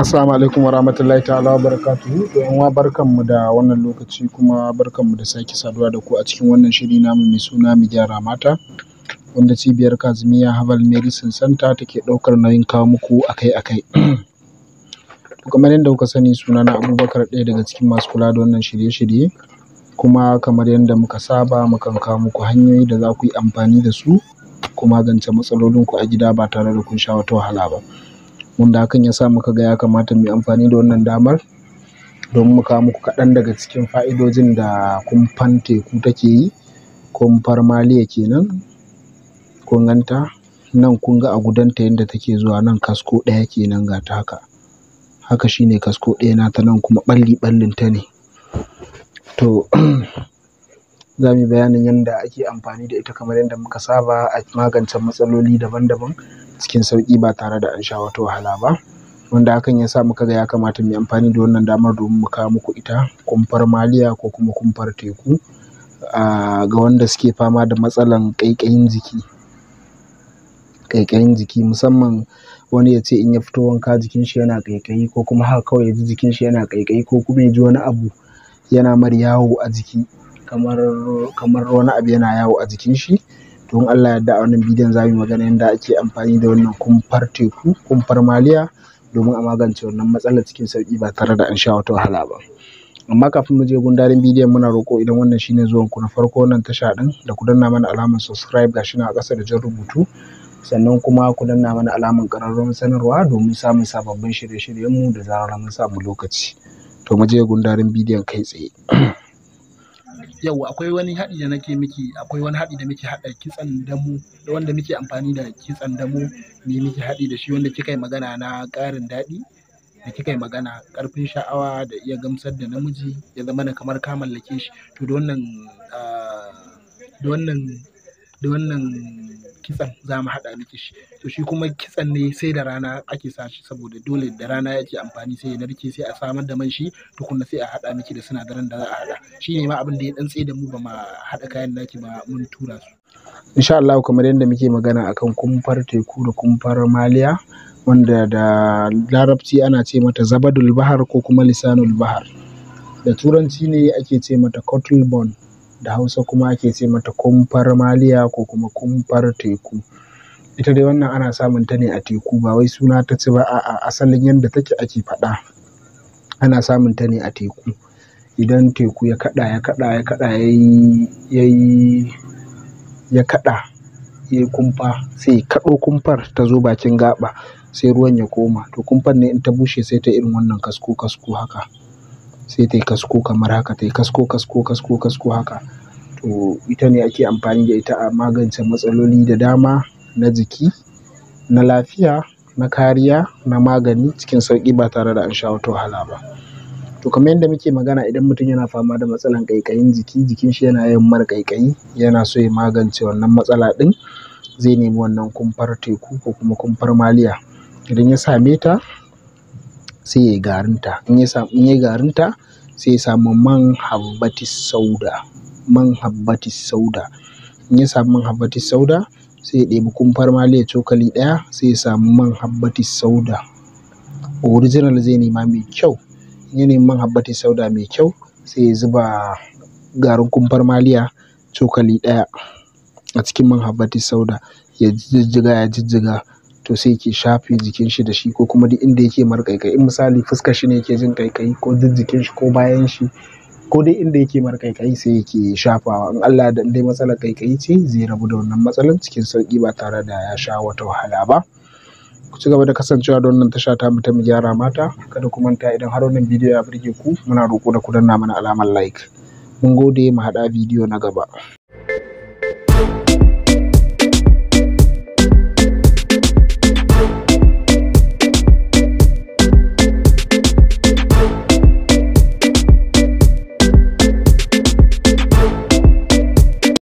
Assalamu alaikum warahmatullahi ta'ala wabarakatuhu. To yanwa barkanmu da wannan lokaci kuma barkanmu da sake saduwa da ku a cikin wannan shiri namu mai suna mu gyara mata wanda cibiyar Kazimiya Herbal Medicine Center take daukar nauyin kawo muku akai-akai. kamar yadda kuka sani suna na Abubakar ɗaya daga cikin masu kula da wannan shirye-shirye kuma kamar yadda muka saba mukan kawo muku hanyoyi da za ku yi amfani da su ku magance matsalolinku a gida ba tare da kun sha wata wahala ba. wanda hakan ya sa muka ga ya kamata mu yi amfani da wannan damar don mu kawo muku kaɗan daga cikin fa'idojin da kumfan teku take yi kumfar maliya kenan kun ganta nan kun ga a ta yadda take zuwa nan kasko ɗaya kenan ga ta haka haka shine kasko ɗaya na ta nan kuma ɓalli ɓallin ta ne to za mu yi bayanin yadda ake amfani da ita kamar yadda muka saba a magance matsaloli daban-daban cikin sauƙi ba tare da an sha wata wahala ba wanda hakan ya sa muka ga ya kamata mu yi amfani da wannan damar domin mu kawo muku ita kumfar maliya ko kuma kumfar teku ga wanda suke fama da matsalan ƙaiƙayin jiki ƙaiƙayin jiki musamman wani ya ce in ya fito wanka jikin shi yana ƙaiƙayi ko kuma haka kawai ya ji jikin shi yana ƙaiƙayi ko kuma ya ji wani abu yana mar yawo a jiki kamar rawa wani abu yana yawo a jikin shi to in Allah ya yarda a wannan bidiyon za mu magana yadda ake amfani da wannan kumfar teku kumfar maliya domin a magance wannan matsalar cikin sauki ba tare da an sha wata wahala ba amma kafin mu je gundarin bidiyon muna roƙo idan wannan shine zuwan ku na farko wannan tasha din da ku danna mana alamar subscribe gashi na a ƙasa da jan rubutu sannan kuma ku danna mana alamar ƙararrawar sanarwa domin samun sababbin shirye shiryen mu da zarar mun samu lokaci to mu je gundarin bidiyon kai tsaye yau akwai wani haɗi da nake miki akwai wani haɗi da muke haɗa kitsan damu da wanda muke amfani da kitsan damu ne muke haɗi da shi wanda kika yi magana na ƙarin daɗi da kika yi magana ƙarfin sha'awa da iya gamsar da namiji ya zama na kamar ka mallake shi to da wannan ah, da wannan da wannan kitson za mu haɗa miki shi to shi kuma kitson ne sai da rana ake sa shi saboda dole da rana yake amfani sai ya narke sai a samar da man shi tukunna sai a haɗa miki da sinadaran da za a haɗa shi ne ma abin da ya dan tsaye da mu ba ma haɗa kayan naki ba mun tura su insha Allah kamar yadda muke magana akan kumfar teku da kumfar maliya wanda da larabci ana ce mata zabadul bahar ko kuma lisanul bahar da turanci ne ake ce mata cotton bone da hausa kuma ake ce mata kumfar maliya ko kuma kumfar teku ita dai wannan ana samun ta ne a teku ba wai suna ta ce ba a asalin yadda take ake faɗa ana samun ta ne a teku idan teku ya kaɗa ya kaɗa ya kaɗa ya yi ya kumfa sai ya kaɗo kumfar ta zo bakin gaɓa sai ruwan ya koma to kumfar ne in ta bushe sai ta irin wannan kasko kasko haka sai ta yi kasko kamar haka ta yi kasko kasko kasko kasko haka to ita ne ake amfani da ita a magance matsaloli da dama na jiki na lafiya na kariya na magani cikin sauƙi ba tare da an sha wata wahala ba to kamar yadda muke magana idan mutum yana fama da matsalan kaikayin jiki jikin shi yana yin mara ƙaiƙayi yana so ya magance wannan matsala ɗin zai nemi wannan kumfar teku ko kuma kumfar maliya idan ya same ta sai ya yi garinta in ya yi garinta sai ya samu man habbatis sauda man habbatis sauda in ya samu man habbatis sauda sai ya ɗebi kumfar maliya cokali ɗaya sai ya samu man habbatis sauda original zai nema mai kyau in ya nemi man habbatis sauda mai kyau sai ya zuba garin kumfar maliya cokali ɗaya a cikin man habbatis sauda ya jijjiga ya jijjiga to sai ke shafe jikin shi da shi ko kuma duk inda yake mar ƙaiƙayi in misali fuskar shi ne yake jin ƙaiƙayi ko duk jikin shi ko bayan shi ko dai inda yake mar ƙaiƙayi sai yake shafawa in Allah da dai matsalar kaikayi ce zai rabu da wannan matsalar cikin sauki ba tare da ya sha wata wahala ba ku ci gaba da kasancewa da wannan tasha ta mu ta mu gyara mata kada ku manta idan har wannan bidiyo ya burge ku muna roƙo da ku danna mana alamar like mun gode mu haɗa bidiyo na gaba